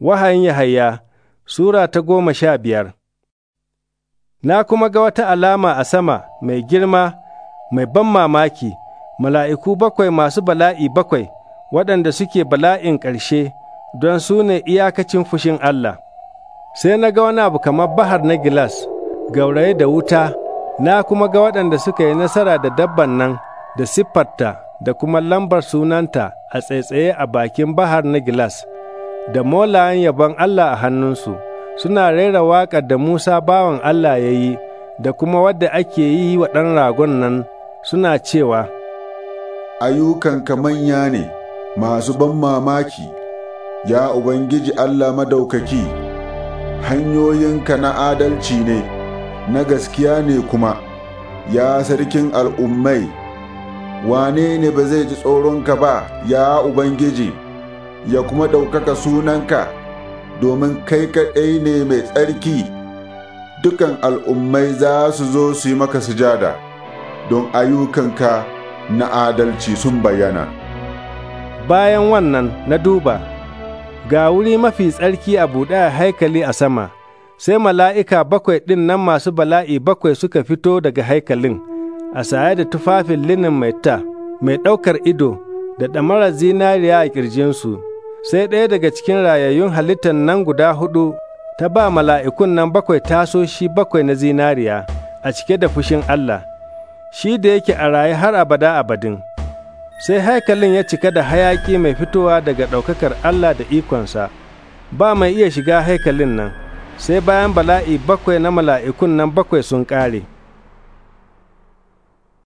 Wahayin Yahaya Sura ta goma sha biyar Na kuma ga wata alama a sama mai girma, mai ban mamaki, mala'iku bakwai masu bala'i bakwai, waɗanda suke bala'in ƙarshe don su ne iyakacin fushin Allah. Sai na ga wani abu kamar bahar na gilas, gauraye da wuta, na kuma ga waɗanda suka yi nasara da dabban nan, da siffarta, da kuma lambar sunanta a tsaitsaye a bakin bahar na gilas. da molayen yabon Allah a hannunsu, suna rera waƙar da Musa bawan Allah ya yi, da kuma wadda ake yi wa ɗan ragon nan suna cewa, Ayyukanka manya ne, masu ban mamaki, ya Ubangiji Allah madaukaki, hanyoyinka na adalci ne, na gaskiya ne kuma, ya sarkin al'ummai. wane ne ba zai ji tsoronka ba, ya Ubangiji? ya kuma ɗaukaka sunanka domin kai kaɗai ne mai tsarki dukan al'ummai za su zo su yi maka sujada don ayyukanka na adalci sun bayyana bayan wannan na duba ga wuri mafi tsarki a buɗe a haikali a sama sai mala'ika bakwai ɗin nan masu bala'i bakwai suka fito daga haikalin a saye da tufafin linin mai ta mai ɗaukar ido da ɗamarar zinariya a ƙirjinsu. sai ɗaya daga cikin rayayyun halittar nan guda hudu ta ba mala'ikun nan bakwai tasoshi bakwai na zinariya a cike da fushin Allah, shi da yake a rayu har abada abadin. Sai haikalin ya cika da hayaƙi mai fitowa daga ɗaukakar Allah da ikonsa, ba mai iya shiga haikalin nan, sai bayan bala'i bakwai na mala'ikun nan bakwai sun ƙare.